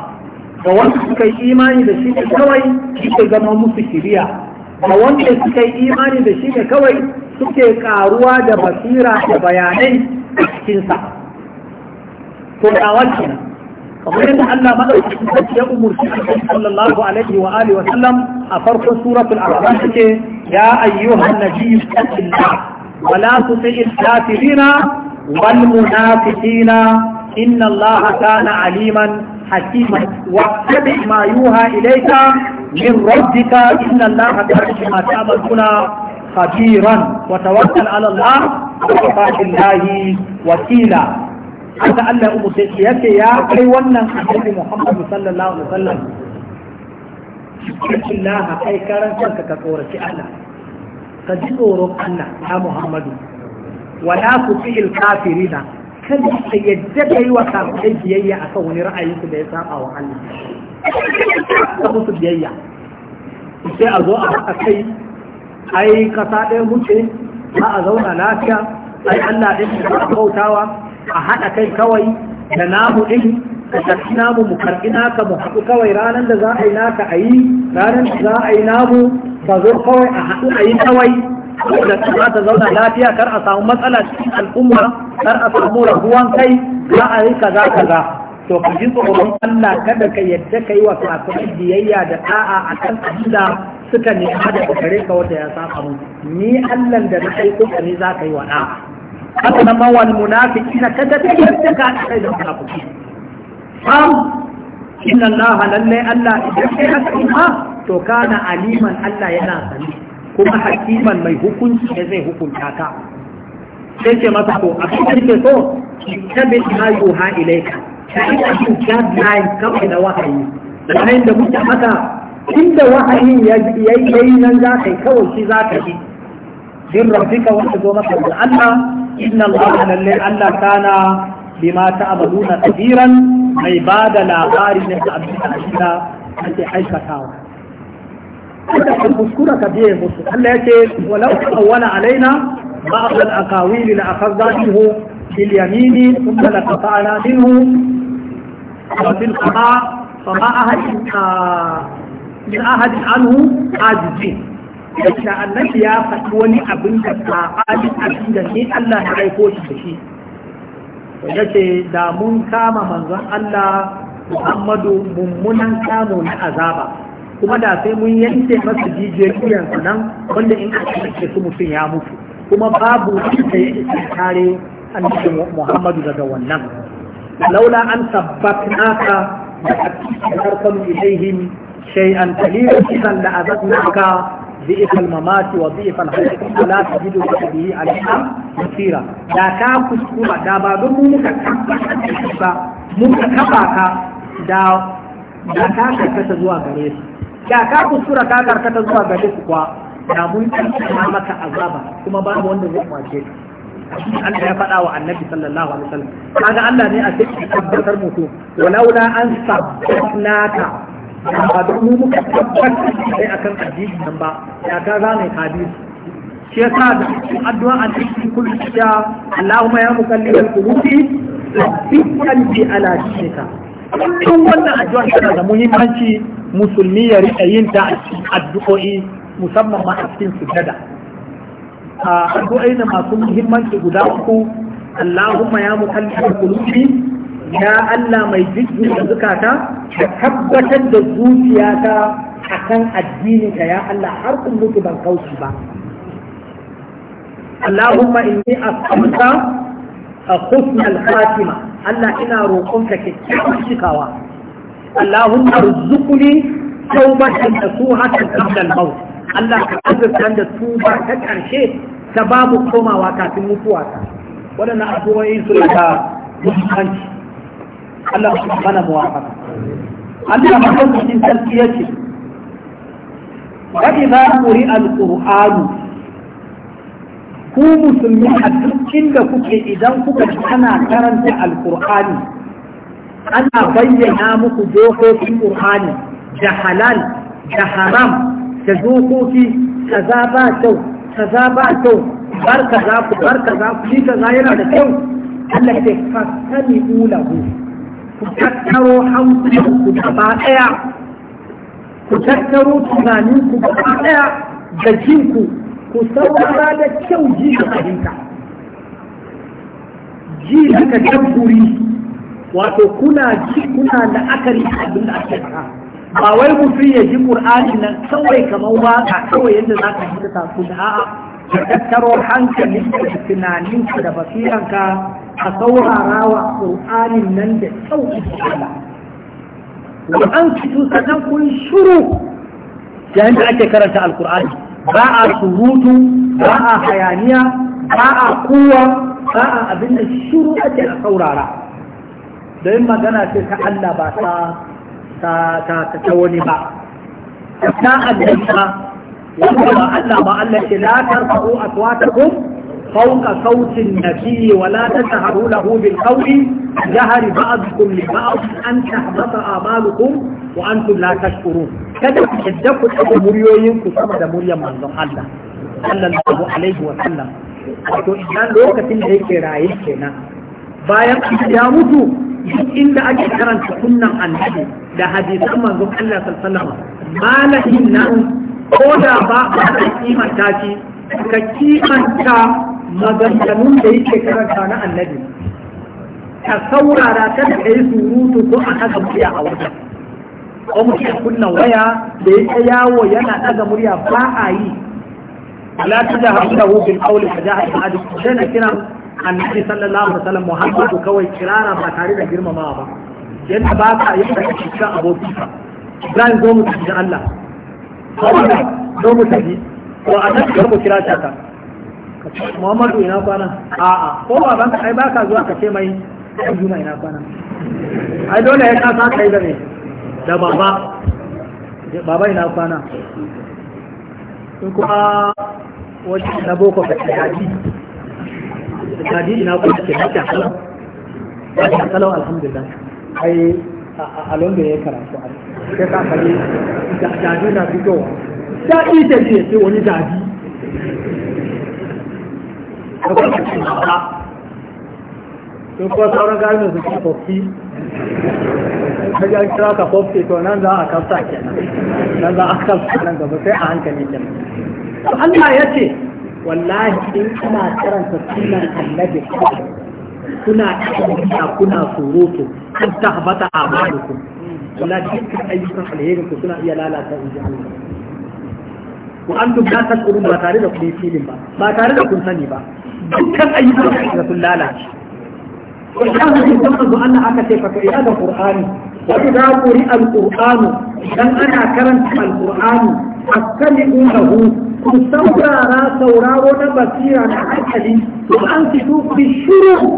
ga wanda suka yi imani da shi ne kawai su zama musu shiriya ga wanda suka yi imani da shi ne kawai suke karuwa da basira da bayanai a cikinsa kamar yadda Allah madaukakin sarki ya umurci annabi sallallahu alaihi wa alihi wa sallam a farkon suratul a'raf ya ayyuhan nabiyyu taqillah wa la tuti'il kafirina wal munafiqina inna Allah kana aliman حكيما واتبع ما يوحى من ربك الله ما تعملون خبيرا وتوكل على الله وكفى بالله وكيلا haka Allah ya umurce shi yace ya kai wannan annabi Muhammad sallallahu alaihi wasallam Allah kai karan kanka ka tsoraci Allah ka ji tsoron Allah ya Muhammadu wala tuti'il kafirina kada ka yadda kai wa kafirai biyayya akan wani ra'ayin su da ya saba wa Allah ka musu biyayya sai a zo a kai ai kasa ɗaya muke ba a zauna lafiya ai Allah din ba kautawa a haɗa kai kawai da namu din ka tafi namu mu karɓi naka mu haɗu kawai ranar da za a yi naka a yi ranar da za a yi namu ka zo kawai a haɗu a yi kawai da za ta zauna lafiya kar a samu matsala cikin al'umma kar a samu rabuwan kai za a yi kaza kaza to ka ji tsoron Allah kada ka yadda ka yi wa kafirai biyayya da da'a a kan abinda suka ne a da kare ka wata ya saka mu ni Allah da na aiko ka ne za ka yi wa da haka nan ma wal munafiqina kada ta yadda ka kai da munafiki am inna Allah lalle Allah idan kai haka ma to kana aliman Allah yana sani kuma hakiman mai hukunci ne zai hukunta ka sai ce masa ko a cikin ke so tabi ma yuha ilaika ka ina cikin guideline kawai da wahayi da wahayin da muke maka inda wa'ayin ya yi nan za ka yi kawai shi za ka yi din rabbika wa zo maka da Allah inna Allah lalle Allah kana bima ta'maluna kabiran mai ba da labarin da abin da Allah ake aikatawa kada ka kuskura ka biye musu Allah yake walau awwala alaina ba'd al-aqawil la akhadnahu bil yamin thumma la qata'na minhu wa bil qada' فما أهل min ahadi anhu ajiji da annabi ya faɗi wani abin da saɓani abin da ni Allah ya aiko shi da shi ya ce da mun kama manzon Allah Muhammadu mummunan kamo na azaba kuma da sai mun yanke masa jijiyar iyansa nan wanda in aka sake su mutum ya mutu kuma babu wanda ya isa kare annabi Muhammadu daga wannan laula an sabbatnaka da hakika harkanu ilaihim شيئا قليلا إذا لأذقناك ضعف الممات وضعف الحياة ولا تجد به عليها مثيرا لا كاكسكما دا بابن مكتبا مكتباك دا da ka karkata zuwa gare su da ka kuskura ka karkata zuwa gare su kuwa da mun kama maka azaba kuma babu wanda zai kwace Allah ya faɗawa annabi sallallahu alaihi wasallam kaga Allah ne a cikin tabbatar an sabbatnaka ba da mu muka tabbatar sai akan addini nan ba ya ga zane hadisi shi yasa da addu'a an cikin kullu ya Allahumma ya al qulubi rabbit qalbi ala dinika kun wannan addu'a tana da muhimmanci musulmi ya rika yin ta a cikin addu'o'i musamman ma a cikin sujada a addu'o'i na masu muhimmanci guda uku Allahumma ya muqallibal qulubi ya Allah mai jikin da zukata da tabbatar da zuciyata a kan addininka ya Allah har kun mutu ban kauci ba Allahumma inni as'aluka a al Fatima. Allah ina roƙonka kyakkyawan cikawa Allahumma arzuqni tawbatan nasuhatan qabla al-maut Allah ka azurta da ba ta karshe ta babu komawa kafin mutuwa waɗannan addu'o'in suna da muhimmanci Allah shi mana muwafaka Allah madaukakin sarki yace wa idza quri'a al-qur'an ku musulmi a dukkan da kuke idan kuka ana karanta al-qur'ani ana bayyana muku dokokin qur'ani da halal da haram da dokoki kaza ba kyau kaza ba kyau barka za ku bar za ku shi kaza yana da kyau Allah ke fasani ulahu ku tattaro hankalinku ku gaba ɗaya ku tattaro tunaninku gaba ɗaya da jinku ku saurara da kyau ji da fahimta ji daga tabburi, wato kuna ji kuna la'akari abin da ake faɗa ba wai mutum ya ji ƙur'ani nan kawai kamar waka kawai yadda za ka ji da tasu da a'a ka tattaro hankali da tunaninka da basiranka a saurara wa ƙur'anin nan da sauƙi Allah wa an fito sannan kun shuru yayin da ake karanta alƙur'ani ba a surutu ba a hayaniya ba a kowa ba a abin da shuru ake a saurara don magana ce ta Allah ba ta ta ta wani ba ta ba. wanda ba Allah ba Allah ce la tarfa'u aswatakum fawqa sawti an-nabi wa la tajharu lahu bil qawli jahari ba'dukum li ba'd an tahbata a'malukum wa antum la tashkurun kada ku shaddaku muryoyin ku sama da muryan manzon Allah sallallahu alaihi wa sallam wato idan lokacin da yake raye kenan bayan ya mutu duk inda ake karanta sunnan annabi da hadisan manzon Allah sallallahu alaihi wa sallam malahin nan ko da ba a kimanta shi ka kimanta maganganun da yake karanta na annabi ka saurara kada ka yi surutu ko a haka murya a wajen ko mutum kunna waya da ya yawo yana ɗaga murya ba a yi la tajahu lahu bil qawli fajahu ahadukum sai kira annabi sallallahu alaihi wasallam muhammadu kawai kirara ba tare da girmamawa ba yadda ba ka yi da cikin abokinka zan zo mu cikin Allah wannan zo mu tafi to a nan kar mu kira shi ka Muhammadu ina kwana a'a ko ba ban kai baka zuwa ka ce mai Juma ina kwana ai dole ya kasa kai da me da baba baba ina kwana in kuma wajen na boko ka tsaki tsaki ina kwana ke da ta kalau alhamdulillah ai a london ya karatu a sai ka kare dadi na fitowa daɗi da ke sai wani dadi da kuma ce mata sun kuwa sauran galimin su ke kofi kaji an kira ka kofi to nan za a kafta kenan nan za a kafta nan gaba sai a hankali kenan Allah ya ce wallahi in kana karanta sunan annabi kuna kuna surutu an tahbata amalukum ولا تشكر أيضا عليهم كسنا إيا لا لا تنجي wa an duk na tsakurin ba tare da kun filin ba ba tare da kun sani ba dukkan ayyukan da sun lalace Ƙur'an da kuma zo Allah aka ce faka iya da Qur'ani wa idza quri al-Qur'anu dan ana karanta al-Qur'ani fastami'u lahu ku saurara sauraro na basira na hankali ku an fitu bi shuru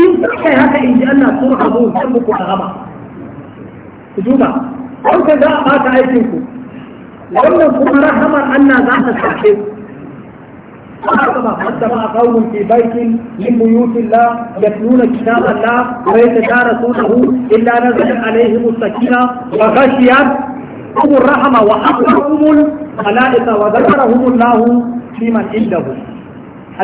in kai haka in ji Allah sun abu sai ku rahama ku duba za a bata aikin ku wannan kuma rahamar Allah za ta sake ku فاتبع قوم في بيت من بيوت الله يتلون كتاب الله ويتدارسونه الا نزلت عليهم السكينه وغشيتهم الرحمه وحفظهم الملائكه وذكرهم الله فيمن عنده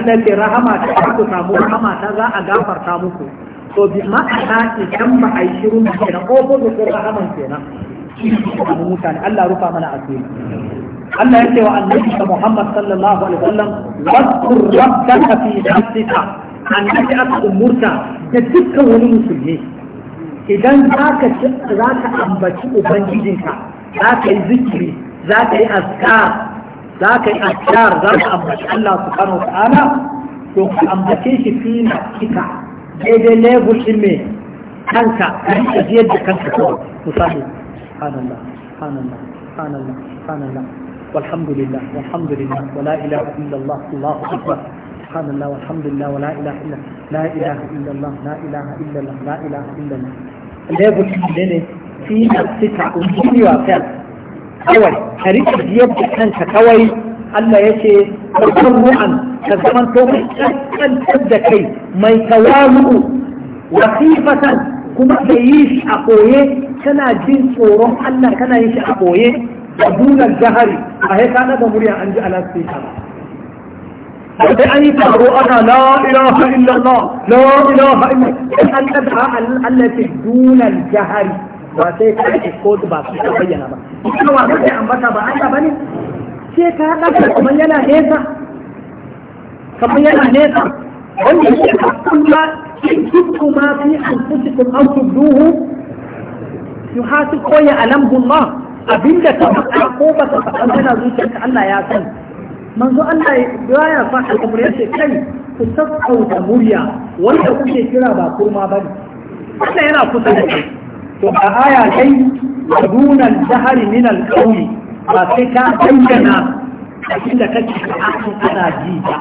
التي رحمت رحمه تزا اغفر تامكم to bi ma'ana idan ba a yi shiru na kenan ko ko ko ba kenan abu mutane Allah rufa mana asiri Allah ya ce wa annabi Muhammad sallallahu alaihi wasallam waskur rabbaka fi nafsika annabi aka umurta da dukkan wani musulmi idan zaka zaka ambaci ubangijinka zaka yi zikiri zaka yi azkar zaka yi azkar zaka ambaci Allah subhanahu wa ta'ala to ka ambace shi fi nafsika daidai level ɗin mai kanka a rika da kanka kawai misali hanallah hanallah hanallah hanallah walhamdulillah walhamdulillah wala ilaha illallah allahu akbar سبحان الله والحمد لله ولا اله الا لا اله الا الله لا اله الا الله لا اله الا الله level din ne fi sita unjiwa kawai ka rika jiyar da kanka kawai Allah ya ce ru'an ka zaman to mai kankan da kai mai tawazu wasifatan kuma ka yi shi a koye kana jin tsoron Allah kana yin shi a koye da dunar jahari a ya kana da murya an ji ala speaker sai an yi taro ana la ilaha illallah la ilaha illallah an tada Allah ce dunar jahari ba sai ka ko ba su bayyana ba kuma ba sai ambata ba Allah bane sai ka ɗaga kamar yana nesa kamar yana nesa wanda ya ce kuma in kuma fi an kusa kuma an kuduhu su hasu koya alhamdulillah abinda ka faɗa ko ba ka faɗa yana ka Allah ya san manzo Allah ya ya sa al'amur ya ce kai ku sassauta murya wanda kuke kira ba kurma ba ne Allah yana kusa da kai to ba aya kai dunan jahari min al-qawli ba sai ka bayyana abin da kake akan ana ji ba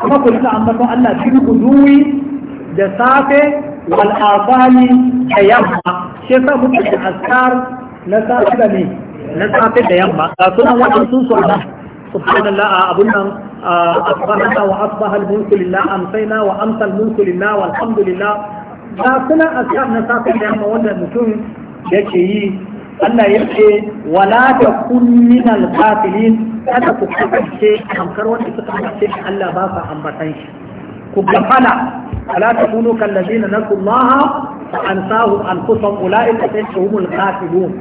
kuma ku rika ambaton Allah cikin kuduwi da safe wal afani da yamma shi yasa muke da askar na safe da ne na safe da yamma ga sunan sun su ana subhanallah a abun nan asbahana wa asbaha al-mulku lillah amsayna wa amsa al-mulku lillah walhamdulillah ga sunan askar na safe da yamma wanda mutum yake yi Allah ya ce wala ta kun min al-ghafilin kada ku kasance kamkar wanda suka kasance Allah ba sa ambatan shi ku gafala ala takunu kal ladina nasu Allah fa ansahu anfusahum ulaika humul ghafilun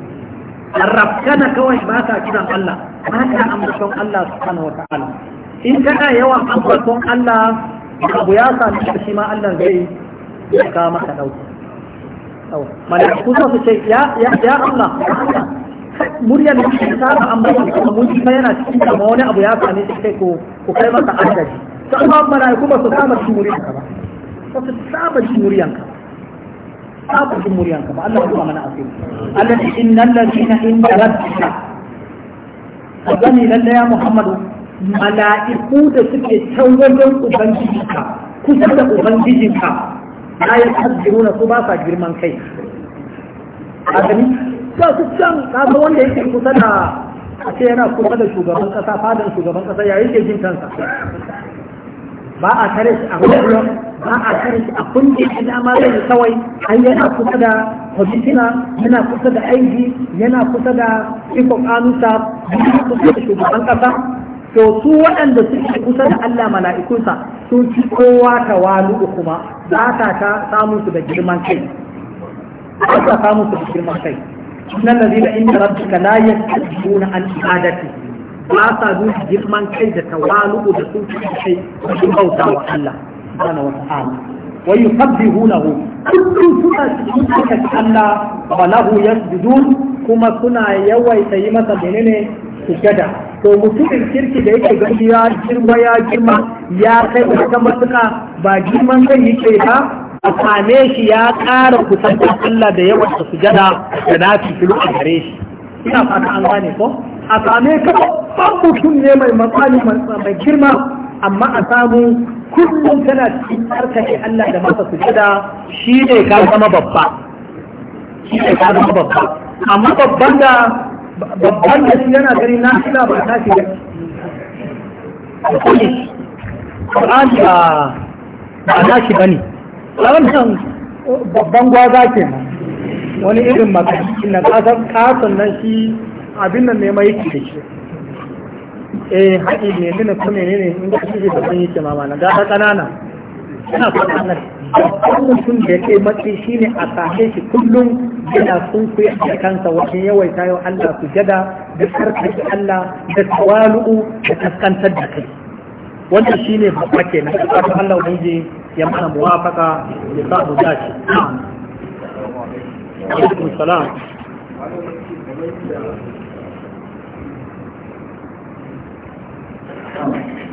arrabkana kawai ba ta kiran Allah ba ta ambaton Allah subhanahu wata'ala in kana yawan ambaton Allah abu ya sami shi ma Allah zai ka maka dauki mala'iku so su ce ya ya Allah muryar da ke saba an bai kuma mun ji yana cikin kama wani abu ya same shi kai ko ko kai masa addaji to amma mala'iku ba su saba cikin muryar ka ba ba su saba cikin muryar ka saba cikin muryar ka ba Allah ya kuma mana asiri Allah ya innal ladina inda rabbika azami lalle ya Muhammadu mala'iku da suke can wajen ubangijinka kusa da ubangijinka la yasbiruna su ba sa girman kai a gani ba su can kaga wanda yake kusa da a ce yana kusa da shugaban kasa fadan shugaban kasa ya yake jin kansa ba a kare shi a kullum ba a kare shi a kundi a dama zai kawai an yana kusa da kwamishina yana kusa da aiki yana kusa da ikon anusa yana kusa da shugaban kasa to su waɗanda suke kusa da Allah mala'ikunsa sun fi kowa ta tawalu kuma za ta ta samu su da girman kai za ta samu su da girman kai innal ladina inda rabbika la yastajibuna an ibadati ba sa zuwa girman kai da ta tawalu da sun fi kai sun bauta wa Allah subhanahu wa ta'ala wa yusabbihunahu kullu suna cikin Allah wa lahu yasjudun kuma suna yawaita yi masa menene sujada to mutumin kirki da yake gani ya girma ya girma ya kai wata matuka ba girman kan yake ba a same shi ya ƙara kusantar Allah da yawan da gada da na filo a gare shi ina fata an gane ko a same ka mutum ne mai matsali mai girma amma a samu kullum tana cikin tsarkake Allah da masa gada shi ne ka zama babba shi ne ka zama babba amma babban da babban da yana gari na ila ba ta shi bane Qur'an ba ba na shi bane wannan babban gwaza ke wani irin makashi na kasar kasan nan shi abin nan ne mai yake da shi eh haƙi ne ne kuma ne ne in ka shi da sun yi kima ma na gata ƙanana ina fata nan babban mutum da ke shi shine a sashe shi kullum yana sun fi a kansa wajen yawaita yau Allah su jada da karfafi Allah da tawalu'u da kaskantar da kai wannan shine babba ke na kasar Allah ubangiji ya mana muwafaka ya sa mu dace alaikum salam Thank you.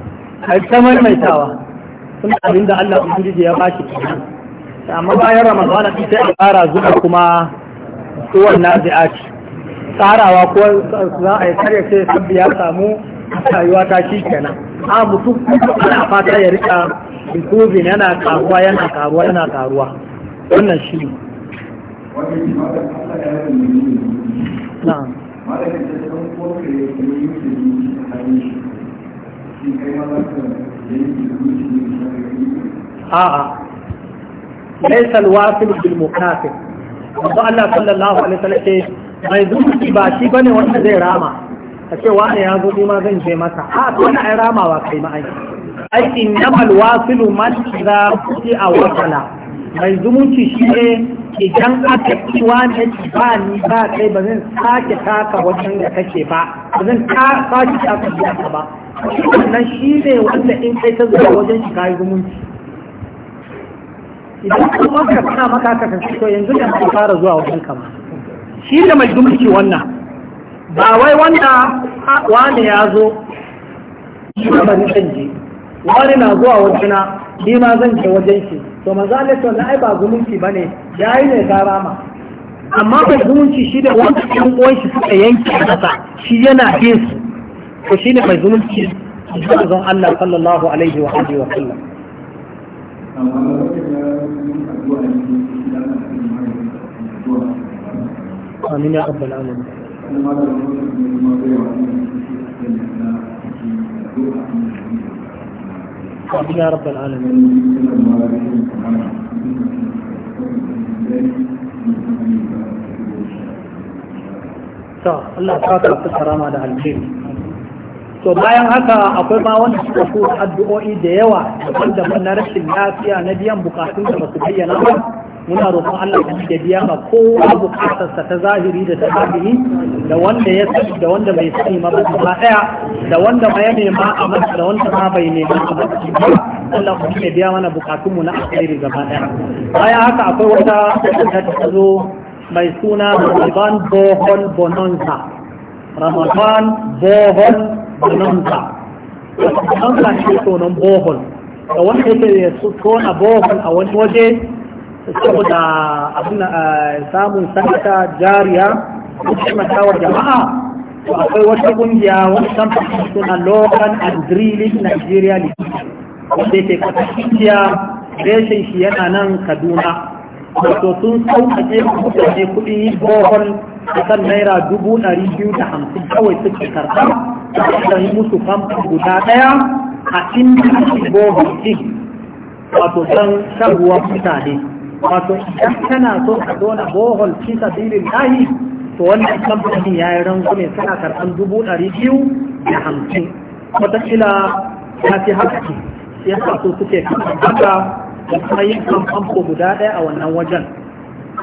a ta maimaitawa sun abin da Allah ubangiji ya baki ta amma bayan ramadana sai a fara zuwa kuma nazi'a ce. tsarawa ko za a yi karya sai sabbi ya samu rayuwa ta shi kenan a mutum ana fata ya rika improving yana karuwa yana karuwa yana karuwa wannan shi ne na'am a'a laisa alwasil bil mukafir wanda Allah sallallahu alaihi Sallam ce mai zuci ba shi bane wanda zai rama Ka ce wani ya zo ni ma zan je masa a to na ai ramawa kai ma ai ai innamal wasilu man idza a wasala mai zumunci shi ne idan aka kiwa na ci ba ni ba kai ba zan sake taka wajen da kake ba ba zan sake taka biyarka ba wannan shi ne wanda in kai ta zuwa wajen shi kayi zumunci idan kuma ka kana maka ka kasance to yanzu da ka fara zuwa wajen ka ma shi da mai zumunci wannan ba wai wanda wani ya zo shi ba ni zan je wani na zuwa wajena ni ma zan je wajen shi to manzo Allah to ai ba zumunci bane yayi ne sarama, amma ba zumunci shi da wanda ɗan uwan shi suka yanke masa shi yana bin su to shi ne mai zumunci da zon Allah sallallahu alaihi wa alihi wa sallam amin ya rabbal alamin Thank you. يا رب العالمين Allah ta karfi karama da alheri to bayan haka akwai ma wanda suka so addu'o'i da yawa daban-daban na rashin lafiya na biyan bukatun da ba su bayyana ba muna roƙon Allah ya da biya ma kowa bukatarsa ta zahiri da ta zahiri da wanda ya sani da wanda bai sani ma ba ba ɗaya, da wanda ma ya nema a masa da wanda ma bai nema a masa ba Allah ku ya biya mana bukatun mu na alheri gaba ɗaya bayan haka akwai wata da ta zo mai suna Ramadan Bohol Bononza Ramadan Bohol Bononza Bononza shi tonon Bohol da wanda yake ya tona Bohol a wani waje saboda abin eh, samun sanata jariya taimakawar jama'a to akwai wata kungiya wani kamfani suna local and drilling nigeria league wanda ke kasa kungiya reshen shi yana nan kaduna wato sun sauƙaƙe mutane kuɗin yi bohol kan naira dubu ɗari biyu da hamsin kawai suke karɓa da yi musu famfo guda ɗaya a inda shi bohol ɗin wato don shan ruwan mutane wato idan kana so ka zona bohol fi sabilin lahi to wannan kamfanin ya yi ne suna karɓar dubu ɗari biyu da hamsin watakila ya fi haka ya sa su suke haka da kuma yin kamfamfo guda ɗaya a wannan wajen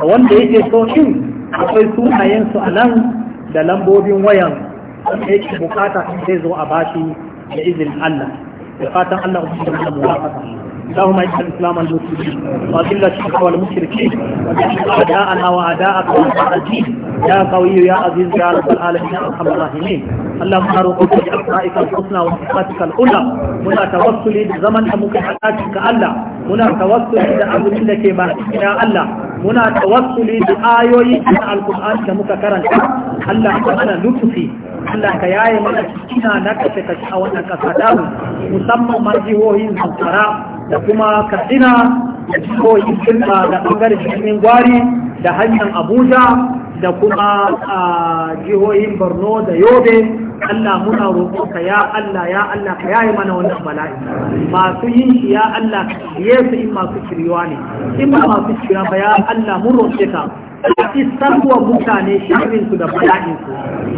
a wanda yake so in akwai sunayensu a nan da lambobin wayan wanda yake bukata zai zo a bashi da izinin Allah بقاتا الله سبحانه وتعالى اللهم اجعل الاسلام المسلمين واذل الشرك والمشركين واجعل اعداءنا واعداءك والمعادين يا قوي يا عزيز يا رب العالمين يا ارحم الراحمين اللهم ارزقك باسمائك الحسنى وصفاتك الاولى هنا توسلي بزمن ممكن حياتك الله هنا توسلي بامر لك ما يا الله muna tawassuli da ayoyi na alkur'ani da muka karanta Allah ka ana lutufi Allah ka yaye mana cikina na kashe kashe a wannan kasa da musamman ma jihohin zamfara da kuma katsina da jihohin kirka da bangaren jirgin gwari da hanyar abuja da kuma jihohin borno da yobe Allah muna ka ya Allah ya Allah ka yayi mana wannan bala'i masu yin shi ya Allah ka su in masu kiriwa ne in ba masu kiriwa ba ya Allah mun roƙe ka ka isarwa mutane sharrin su da bala'in su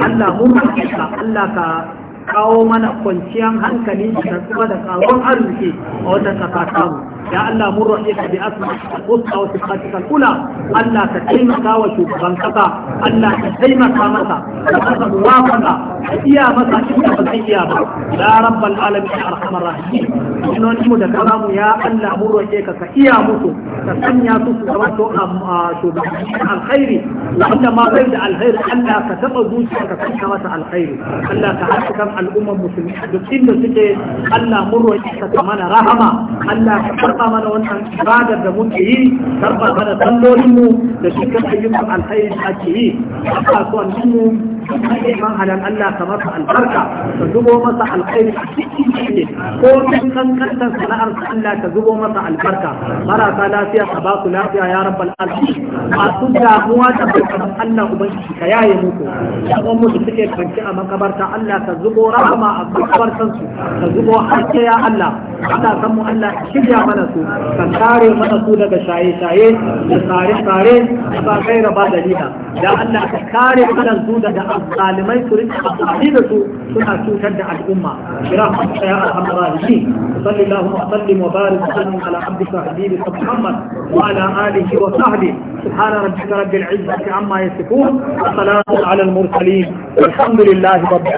Allah mun roƙe ka Allah ka kawo mana kwanciyar hankali da kuma da karuwar arziki a wannan ƙasa tamu ya Allah mun roƙe ka bi asma'a husna wa sifatika kula Allah ka taimaka wa shugaban kasa Allah ka taimaka masa ka masa muwafaqa ka iya masa inda ba zai iya ba ya rabbal alamin ya arhamar rahimin sunan mu da karamu ya Allah mun roƙe ka ka iya musu ka sanya su su zama to shugaban alkhairi wanda da alkhairi Allah ka taba zuciya ka sanya masa alkhairi Allah ka al'ummar duk inda suke Allah mun mana rahama Allah ka karba mana wannan ibada da muke yi karba mana sallolin mu da dukkan ayyukan alkhairi da ake yi a kasuwannin mu neman halal Allah ka masa albarka ka zubo masa alkhairi a cikin jini, ko cikin kankantar sana'ar Allah ka zubo masa albarka marasa lafiya ka ba su lafiya ya rabbal alamin masu damuwa da barkan Allah ubangiji ka yaye muku kuma mu suke kwanci a makabarta Allah ka zubo rahama a makabartan su ka zubo hakke ya Allah Ana san mu Allah shirya mana su kan kare mana su daga shaye-shaye da tsare-tsare ba gaira ba dalila da Allah ka kare mana su daga الظالمين تريد حقائبة سنة توجد على الأمة شراح الحياة الغالبين صلى الله وسلم وبارك وسلم على عبدك حبيبك محمد وعلى آله وصحبه سبحان ربك رب العزة عما يسكون وصلاة على المرسلين والحمد لله رب العالمين